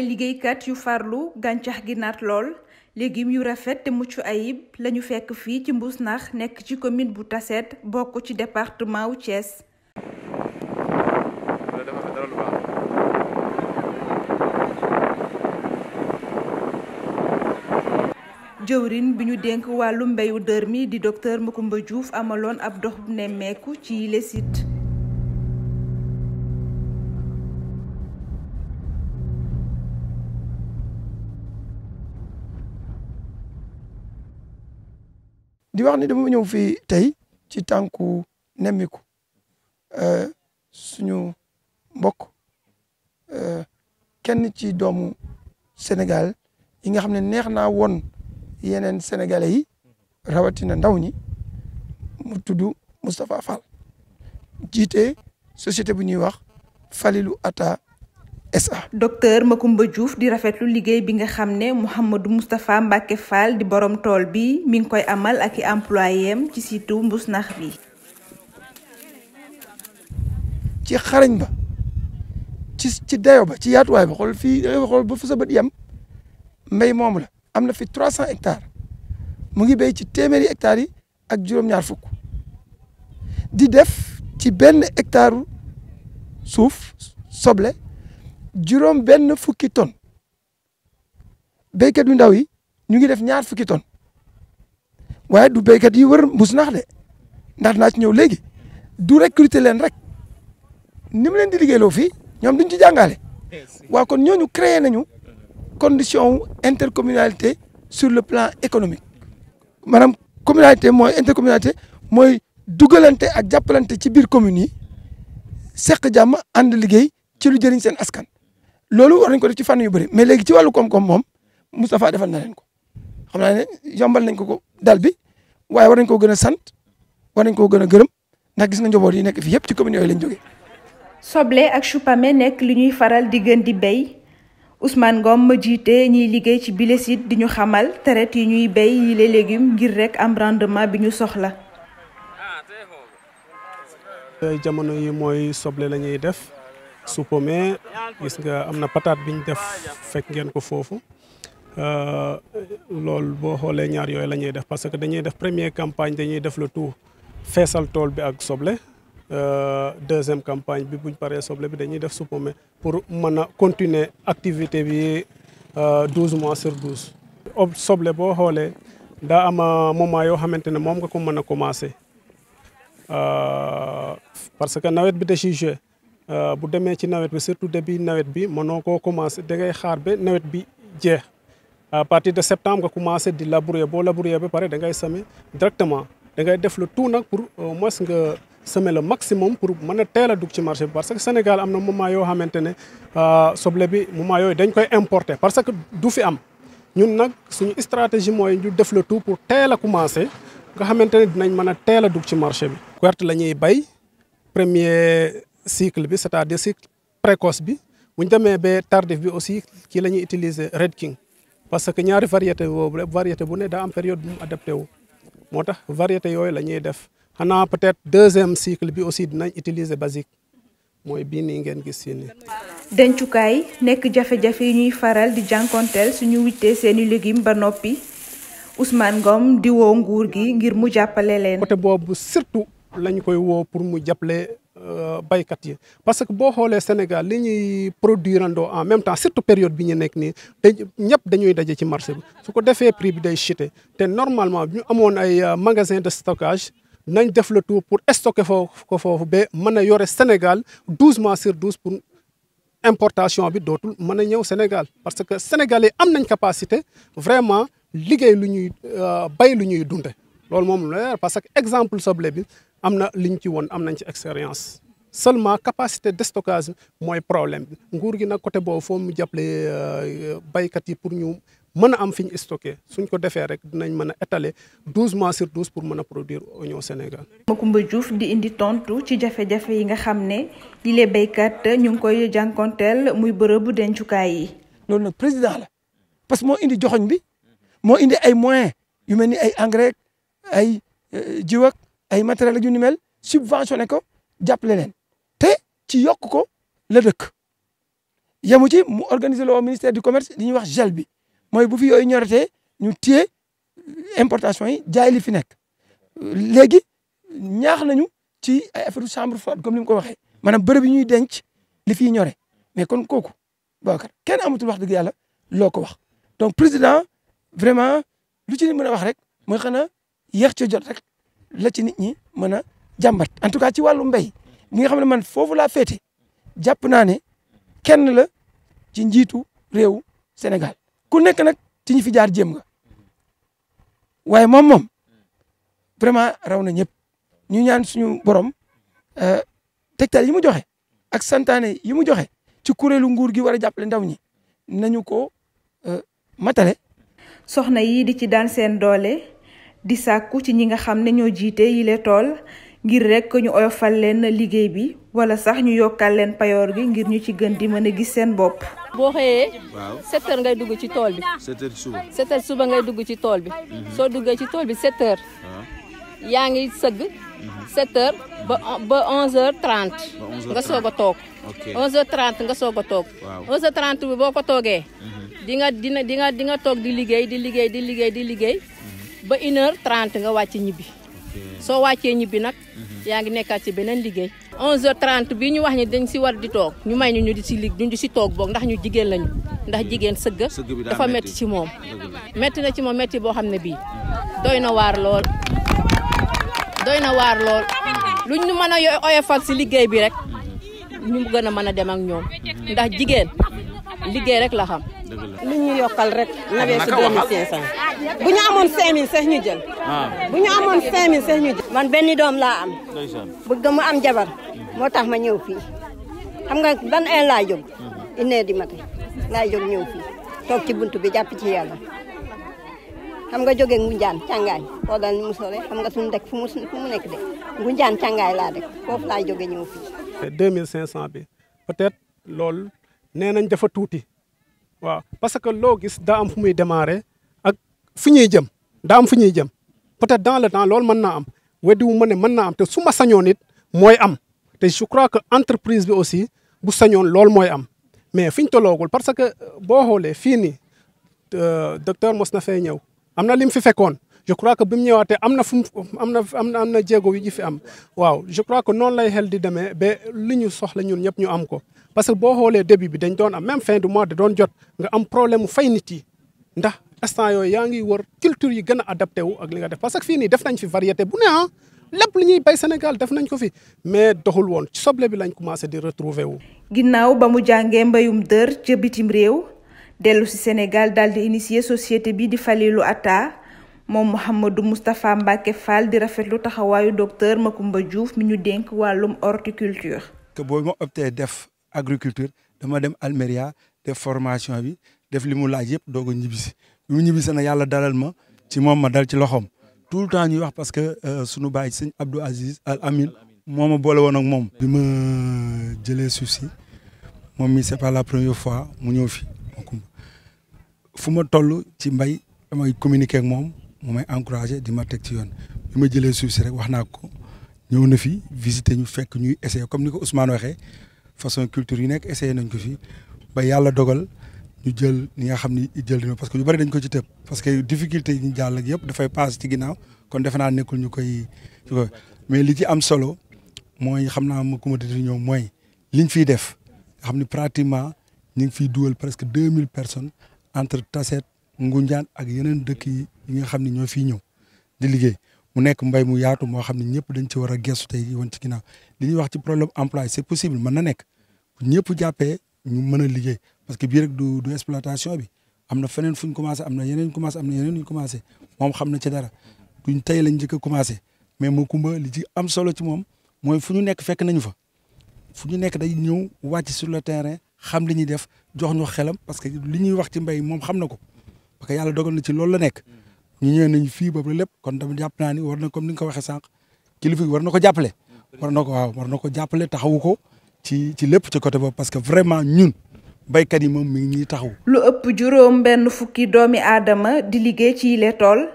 ay liggéeykat yu farlu gàncax gi naat lool légumes yu rafet mucc ayib lañu fekk fii ci Mbousnakh nekk ci commune bu Tassette bokk ci département wu Thiès. jëwrin bi ñu dénk wàllu mbéyu dër mi di docteur Macoumba juuf amaloon ab dox bu nemmeeku ci yile di wax ni dama ñëw fii tey ci tànku nemmiku euh, suñu mbokk euh, kenn ci doomu Sénégal yi nga xam ne neex naa woon yeneen sénégalais yi rawatina ndaw ñi mu tudd Moustapha Fall jiite société bu ñuy wax Falilou ata SA. docteur Macoumba juuf di rafetlu liggéey bi nga xam ne Mouhamadou Moustapha Mbacke Fall di borom tool bi mi ngi koy amal ak i employéem ci siitu Mbousnakh bi. ci xarañ ba ci ci dayo ba ci yaatuwaay ba xool fii ba fu sa bët yem mbéy moomu la am na fi 300 hectares mu ngi bay ci téeméeri hectares yi ak juróom-ñaar fukk di def ci benn hectare suuf soble. juróom benn fukki tonne béykat yu ndaw yi ñu ngi def ñaar fukki tonne waaye du béykat yi war mbus nax de ndax naa ci ñëw léegi du recruter leen rek ni mu leen di liggéeyloo fii ñoom duñ ci jàngale waaw kon ñooñu créer nañu condition intercommunalité sur le plan économique maanaam communalité mooy intercommunalité mooy dugalante ak jàppalante ci biir communes yi seq jàmm ànd liggéey ci lu jëriñ seen askan loolu war nañ ko def ci fànn yu bëri mais léegi ci wàllu koom-koom moom Moustapha defal na leen ko xam naa ne yombal nañ ko ko dal bi waaye war nañ koo gën a sant war nañ koo gën a gërëm ndax gis nga njaboot yi nekk fi yëpp ci commune yooyu lañ jógee. soble ak choupame nekk li ñuy faral di gën di béy Ousmane Ngom ma jiite ñiy liggéey ci bile site di ñu xamal traite yi ñuy béy yi les légumes ngir rek am rendement bi ñu soxla. jamono yi mooy soble lañuy def. su pome gis nga am na pataat ñu def fekk ngeen ko foofu euh, loolu boo xoolee ñaar yooyu la ñuy def parce que dañuy def première campagne dañuy def le tout feesal tool bi ak soble euh, deuxième campagne bi buñ paree soble bi dañuy def supame pour mën a continuer activité bi euh, douze mois sur douze ob soble boo xoolee daa ama moment yoo xamante ne moom nga ko mën a commencer parce que nawet bi da Euh, bu demee ci nawet bi surtout début nawet bi noo koo commencé dangay xaar ba nawet bi jeex à partir de septembre nga commencé di labourer boo labourer ba pare da ngay semer directement dangay def le tout nag pour au moins nga semer le maximum pour mën a teel a dugg ci marché bi parce que Sénégal am na moment yoo xamante ne euh, soble bi moment yooyu dañ koy importer parce que du fi am ñun nag suñu stratégie mooy ñu def le tout pour teel a commencé nga xamante ne dinañ mën a teel a dugg ci marché bi. Gerte la ñuy bay premier. cycle bi c'est-à-dire cycle précoce bi bu ñu demee ba tardif bi aussi kii la ñuy utiliser red king parce que ñaari variété boobu variété bu ne daa période mu adapté wu moo tax variété yooyu la ñuy def xanaa peut-être deuxième cycle bi aussi dinañ utiliser basique mooy bii nii ngeen gis si nii. dencukaay nekk jafe-jafe yi ñuy faral di jànkonteel suñu wittee seeni légumes ba noppi Ousmane Ngom diwoo woo nguur gi ngir mu jàppale leen. côté boobu surtout lañu koy woo pour mu jàppale Euh, baykat yi parce que boo xoolee Sénégal li ñuy produire andoo en même temps surtout période bi ñu nekk nii dañ ñëpp dañuy daje ci marché bi su ko defee prix bi day chuter te normalement ñu amoon ay euh, magasin de stockage nañ def le tout pour stocker foofu ko foofu ba mën a yore Sénégal douze mois sur douze pour importation bi dootul mën a ñëw Sénégal parce que sénégalais am nañ capacité vraiment liggéey lu ñuy euh, bay lu ñuy dunde loolu moom leer parce que exemple soble bi am na li ñu ci woon am nañ ci expérience seulement capacité de stockage mooy problème bi nguur gi nag côté boobu foo mu jàppale euh, baykat yi pour ñu mën a am fi ñu stocké suñ ko defee rek dinañ mën a étaler douze mois sur douze pour mën a produire oignon Sénégal. Macoumba Diouf di indi tontu ci jafe-jafe yi nga xam ne li lee baykat ñu ngi koy jànkonteel muy bërëbu dencukaay yi. loolu nag président la parce que moo indi joxoñ bi moo indi ay moyens yu mel ni ay engrais ay euh, jiw ay matériels ak yu ni mel subventionné ko jàppale leen te ci yokk ko la dëkk yemu ci mu organiser loo ministère du commerce li ñuy wax gel bi mooy bu fi yooyu ñoratee ñu téye importation yi jaay li fi nekk léegi ñaax nañu ci ay affaire chambre fo comme ni mu ko waxee maanaam bërëb yi ñuy denc li fi ñore mais kon kooku Babacar kenn amatul wax dëgg yàlla loo ko wax donc président vraiment lu ci ni mën a wax rek mooy xanaa yéex ci jot rek la ci nit ñi mën a jàmbat en tout cas ci wàllu mbéy mi nga xam ne man foofu laa féete jàpp naa ne kenn la ci njiitu réew Sénégal ku nekk nag ci ñi fi jaar jéem nga waaye moom moom vraiment raw na ñëpp ñu ñaan suñu borom euh, tegtal yi mu joxe ak santaane yi mu joxe ci kuréelu nguur gi war jàppale ndaw ñi nañu ko euh, matale. soxna yii di ci daan seen doole. di sàkku ci ñi nga xam ne ñoo jiite yile tool ngir rek ñu oyofal leen liggéey bi wala sax ñu yokkal leen payoor gi ngir ñu ci gën di mën a gis seen bopp. boo xëyee. waaw ngay dugg ci tool bi. sept heures suba. sept dugg ci tool bi. Mhm. soo duggee ci tool bi sept heures. Ah. yaa ngi sëgg. Mhm. sept heures ba ba onze heures trente. nga soog a toog. onze heures trente nga soog a toog. onze heures trente bi boo ko toogee. Mhm. di nga dina di nga di nga toog di liggéey di liggéey di liggéey di liggéey. ba une heure trente nga wàcc ñibbi soo wàccee ñibbi nag mhm. yaa ngi nekkaat ci beneen liggéey onze heures bii ñu wax ni dañ si war di toog ñu may ñu ñu di si lig ñu si toog boog ndax ñu jigéen lañu ndax jigéen sëgg dafa metti ci moom metti na ci moom metti boo xam ne bii mhm. doy na waar lool doy na waar lool luñ ñu mën a oyofal si liggéey bi rek mhm. ñu gën a mën a dem ak ñoom ndax jigéen liggéey rek la xam. lu ñu yokkal rek. nawee si 2500. bu ñu amoon 5000 sax ñu jël. Ah. bu ñu amoon 5000 sax ñu jël. man benn doom laa am. bëgg mu am jabar. Mhm. moo tax ma ñëw fii. xam nga ban heure laa jóg. Mhm. une heure du matin ñëw fii toog ci bunt bi jàpp ci yàlla. xam nga jóge Ngunjaan càngaay koo dal ni mu sore xam nga suñu dëkk fu mu fu mu nekk de Ngunjaan càngaay laa dëkk foofu laa joge ñëw fii. 2500 bi peut lool nee nañ dafa tuuti waaw parce que loo gis daa am fu muy démarrer ak fu ñuy jëm daa am fu ñuy jëm peut-être dans le temps loolu mën naa am weddiwu ma ne mën na am te suma ma sañoon it mooy am te je crois que entreprise bi aussi bu sañoon loolu mooy am mais fi ñu toloogul parce que euh, boo xoolee fii nii euh, docteur mos na fee ñëw am na lim fi fekkoon je crois que bi mu ñëwaatee am na fu mu am na am na jéego yu ñu fi am waaw je crois que noonu lay xel di demee ba li ñu soxla ñun ñëpp ñu am ko parce que boo xoolee début bi dañ doon am même fin du mois da doon jot nga am problème mu fay nit yi ndax instant yooyu yaa ngi wër culture yi gën a adapté wu ak li nga def parce que fii nii def nañ fi variété bu ne ah lépp lu ñuy bay Sénégal def nañ ko fi mais doxul woon soble bi lañ commencé di retrouver wu. ginnaaw ba mu jàngee mbayum dër ca bitim réew dellu si Sénégal daal di initier société bi di Falilou Atta moom Mouhamadou Moustapha Mbacke fal di rafetlu taxawaayu docteur Macoumba Diouf mi ñu dénk wàllum horticulture. boo ma def. agriculture dama dem Almeria def formation bi def li mu laaj yëpp doog a ñibbisi bi mu na yàlla dalal ma ci moom ma dal ci loxoom tout le temps ñuy wax parce que euh, sunu baay sëñ Abdou Aziz Al Amin moo ma boole woon ak moom. bi ma jëlee suuf si moom mi c'est pas la première fois mu ñëw fi fu ma toll ci mbay damay communiquer ak moom mu may encouragé di ma teg ci yoon bi ma jëlee suuf si rek wax naa ko ñëw na fi visiter ñu fekk ñuy essayer comme ni ko Ousmane waxee. façon culture yi nekk essayé nañ ko fi ba yàlla dogal ñu jël ñi nga xam ni jël dina parce que ñu bari dañ ko ci tëb parce que difficulté yi ñu jàll ak yëpp dafay paas ci ginnaaw kon defe naa nekkul ñu koy mais li ci am solo mooy xam naa ma ku ma didi ñoom mooy liñ fiy def xam ni pratiquement ñu ngi fiy duwal presque deux mille personnes entre Tassette Ngoundiane ak yeneen dëkk yi nga xam ni ñoo fiy ñëw di liggéey mu nekk mbay mu yaatu moo xam ne ñëpp dañ ci war a gestu tey woon ci ginnaaw li ñuy wax ci problème emploi c'est possible mën na nekk ñëpp jàppee ñu mën a liggéey parce que bii rek du du bi am na feneen fu ñu commencé am na yeneen commencé am na yeneen ñu commencé moom xam na ci dara duñ tey lañ njëkk a commencé mais ma kumba li ci am solo ci moom mooy fu ñu nekk fekk nañu fa fu ñu nekk day ñëw wàcc sur le terrain xam li ñuy def jox ñu xelam parce que li ñuy wax ci mbay moom xam na ko parce que yàlla dogal na ci loolu la nekk ñu ñëwee nañ fii boobu lépp kon tamit jàpp naa ni war na comme ni ko waxee sànq kilifa gi war na ko jàppale. war na ko waaw war na ko jàppale taxawu ko ci ci lépp ci côté boobu parce que vraiment ñun. béykat yi moom mi ngi ñuy taxaw. lu ëpp juróom benn fukki doomi aadama di liggéey ci yile tool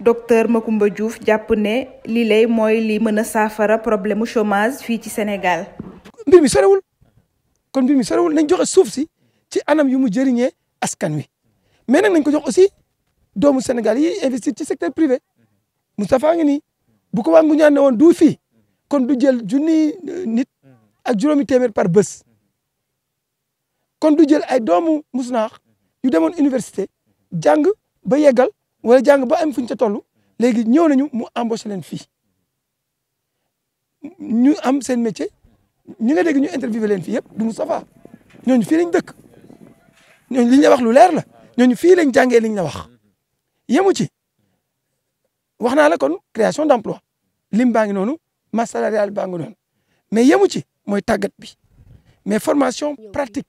docteur Macoumba juuf jàpp ne lii lay mooy li mën a saafara problème mu chômage fii ci Sénégal. mbir mi sorewul kon mbir mi sorewul nañ joxe suuf si ci anam yu mu jëriñe askan wi mais nag ko doomu Sénégal yi investir ci secteur privé Moustapha ngi nii bu ko waa ngu ñaan ne woon du fii kon du jël junni euh, nit ak juróomi téeméer par bés kon du jël ay doomu musnaax yu demoon université jàng ba yeggal wala jàng ba am fu ñu ca toll léegi ñëw nañu mu embauché leen fi ñu am seen métier ñu nga dégg ñu interviewé leen fii yëpp du Moustapha ñooñu fii lañ dëkk ñooñu li ñu la wax lu leer la ñooñu fii lañ jàngee li ñu la wax yemu ci wax naa la kon création d' emploi lim baa ngi noonu masse salariale baa ngi noonu mais yemu ci mooy tàggat bi mais formation pratique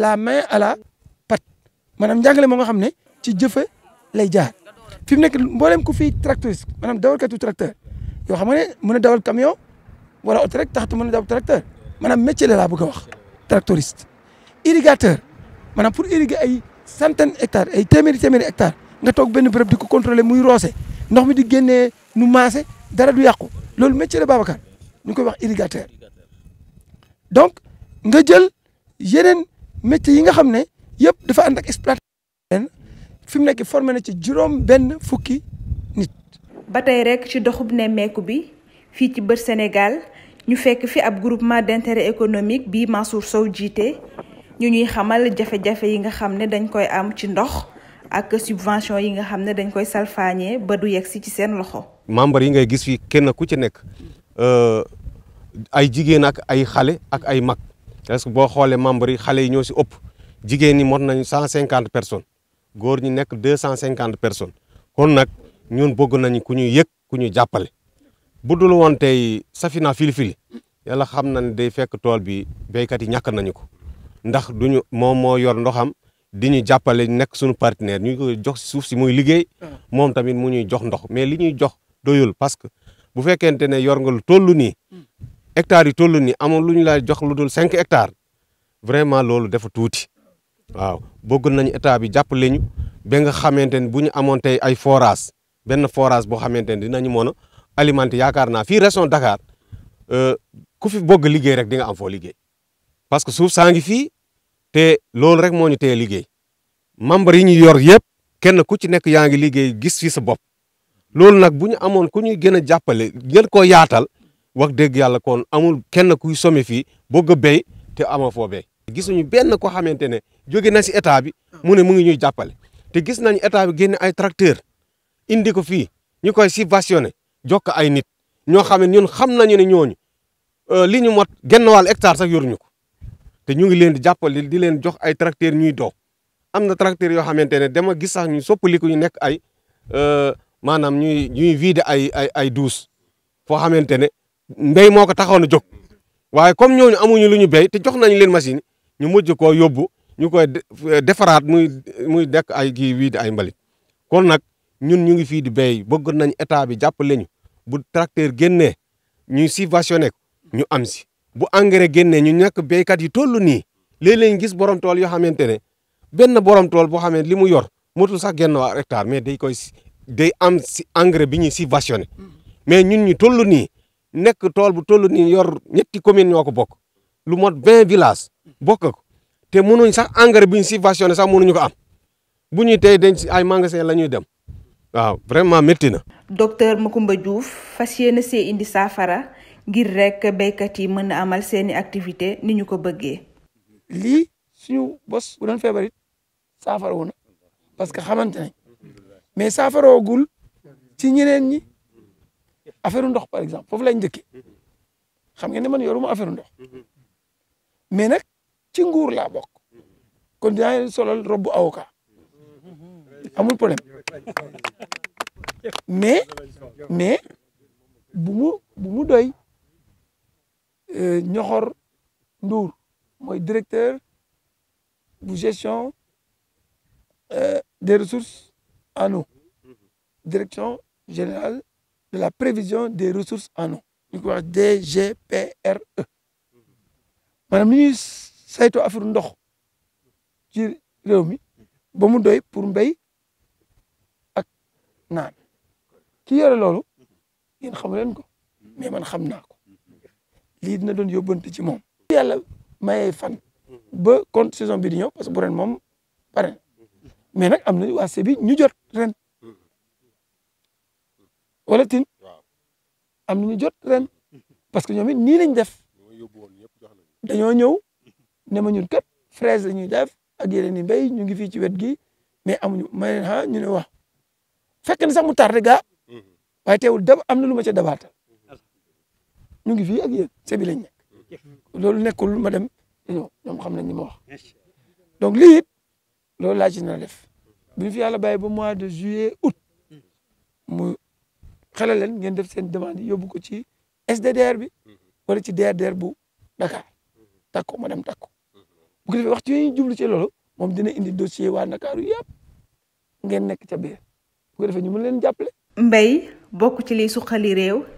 la main à la patte maanaam njàngale moo nga xam ne ci jëfe lay jaar fi mu nekk mboolem ku fi tractoriste maanaam dawalkatu tracteur yoo xam ne mën a dawal camion wala oto rek taxatu mën a dawal tracteur maanaam métier la laa bëgg a wax tractoriste irrigateur maanaam pour irriguer ay centaine hectares ay téeméeri téeméeri hectares nga toog benn béréb di ko contrôler muy roose ndox mi di génnee nu maase dara du yàqu loolu métier la Babacar ñu koy wax irrigateur donc nga jël yeneen métier yi nga xam ne yëpp dafa ànd ak exploitation fi mu nekk formé na ci juróom benn fukki nit. ba tey rek ci doxub nemmeeku bi fii ci bët Sénégal ñu fekk fi ab groupement d'intérêt économique bii Mansour Sow jiite ñu ñuy xamal jafe-jafe yi nga xam ne dañ koy am ci ndox. ak subvention yi nga xam ne dañ koy salfaañee ba du yegg si ci seen loxo. membre yi ngay gis fii kenn ku ci nekk euh, ay jigéen ak ay xale ak ay mag parce boo xoolee membre yi xale yi ñoo si ëpp jigéen ñi mot nañu cent cinquante personnes góor ñi nekk deux cent cinquante personnes kon nag ñun bëgg nañu ku ñu yëg ku ñu jàppale. bu dul woon tey Safina Filifili yàlla xam na ne day fekk tool bi béykat yi ñàkk nañu ko ndax duñu moom moo yor ndoxam. di ñu jàppale nekk suñu partenaire ñu ko jox suuf si muy liggéey hmm. moom tamit mu ñuy jox ndox mais li ñuy jox doyul parce que bu fekkente ne yor nga lu toll nii hmm. hectares yi toll nii amoon lu ñu lay jox lu dul cinq hectares vraiment loolu dafa tuuti waaw bëgg nañu état bi jàppale ñu ba nga xamante ne bu ñu amoon tey ay forage benn forage boo xamante ne dinañu mën a alimenter yaakaar naa fii région dakaar euh, ku fi bëgg liggéey rek di nga am foo liggéey parce suuf saa fii te loolu rek moo ñu teye liggéey membre yi ñu yor yëpp kenn ku ci nekk yaa ngi liggéey gis fi sa bopp loolu nag bu ñu amoon ku ñuy gën a jàppale gën koo yaatal wax dëgg yàlla kon amul kenn kuy some fii bëgg a béy te ama foo gisuñu benn ko xamante ne jóge na si état bi mu ne mu ngi ñuy jàppale te gis nañ état bi génne ay tracteur indi ko fii ñu koy subventionné jokk ay nit ñoo xam ne ñun xam nañu ne ñooñu euh, li ñu mot genn wàll hectare sa yoruñu ko te ñu ngi leen di jàppale di leen jox ay tracteurs ñuy dox am na tracteurs yoo xamante ne dama gis sax ñu soppaliku ñu nekk ay euh, maanaam ñuy ñuy vider ay ay ay douze foo xamante ne mbéy moo ko taxaw na jóg waaye comme ñooñu amuñu lu ñu béy te jox nañ leen machine ñu mujj koo yóbbu ñu koy euh, defaraat muy muy dekk ay kii vider ay mbalit kon nag ñun ñu ngi fii di béy bëgg nañ état bi jàppale ñu bu tracteur génnee ñuy subventionné ko ñu am si bu engrais génnee ñu ñàkk béykat yi toll nii léeg-léeg gis borom tool yoo xamante ne benn borom tool boo xamee li mu yor motul sax genn waa hectare mais day koy day am si engrais bi ñu si subventionné mais ñun ñu toll nii nekk tool bu toll nii yor ñetti commune ñoo ko bokk lu mot vingt villages bokk ko te mënuñ sax engrais bi ñu si subventionné sax mënuñu ko am bu ñuy tey dañ si ay magasin la ñuy dem waaw vraiment métti na. docteur Macoumba Diouf fas yéene see indi saafara. ngir rek béykat yi mën na amal seeni activité ni ñu ko bëggee. lii suñu bos bu doon feebar it parce que xamante ne mais saafaroogul ci ñeneen ñi affaire ndox par exemple foofu lañ njëkkee xam ngeen ne man yoruma affaire ndox mais nag ci nguur laa bokk kon dinaa leen solal robbu avocat amul problème mais mais bu mu bu mu doy Ñoxor euh, Ndour mooy directeur bu gestion euh, des ressources en direction général de la prévision des ressources anno eau ñu wax DGPRE maanaam ni ñuy saytoo affaire ndox ci réew mi ba mu doy pour mbéy ak naan ki yore loolu ngeen xamu leen ko mais man naa lii dina doon yóbbante ci moom. yàlla mayee fan. ba kon saison bi di ñëw parce que bu moom pare mais nag am na waa bi ñu jot ren. wala tin am na ñu jot ren parce que ñoom it nii lañ def dañoo ñëw ne ma ñun kat fraise la ñuy def ak yeneen i mbéy ñu ngi fii ci wet gi mais amuñu may ha ah, ñu ne wax fekk na sax mu tardé gaa mm-hmm. waaye teewul dab am na lu ma ca dabaatal ñu ngi fii ak yéen ci bi nekk loolu nekkul ma dem non ñoom xam nañ ni ma wax donc lii loolu laa ci na def bu fi yàlla bàyyi ba mois de juillet août mu xelal leen ngeen def seen demande yóbbu ko ci SDDR bi wala ci DRDR bu Dakar takku ma dem takku bu ko defee waxtu jublu ci loolu moom dina indi dossier waa Ndakaaru yëpp ngeen nekk ca biir bu ko defee ñu mën leen jàppale. mbéy bokk ci liy suqali réew.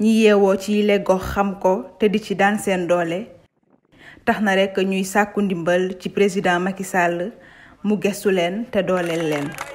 ñi yeewoo ci yile gox xam ko te di ci daan seen doole tax na rekk ñuy sàkku ndimbal ci président Macky Sall mu gestu leen te dooleel leen